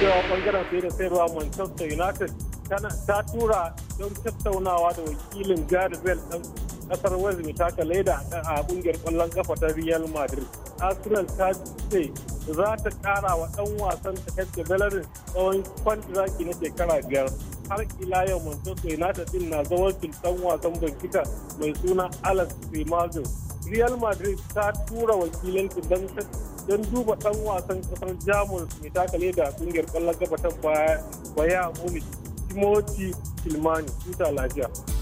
cewa bangaren sai da sayarwa Manchester United ta tura don tattaunawa da wakilin Gareth Bale dan kasar Wales mai taka leda a kungiyar kwallon kafa ta Real Madrid. Arsenal ta ce za ta kara wa ɗan wasan ta kai tsawon kwantiraki na shekara biyar. Har ila yau Manchester United ɗin na zawarcin ɗan wasan bankita mai suna Alex Grimaldo. Real Madrid ta tura wakilin don don duba ɗan wasan kasar jamus mai takale da kungiyar kwallon gaba ta baya muni timothy kilmani tuta lafiya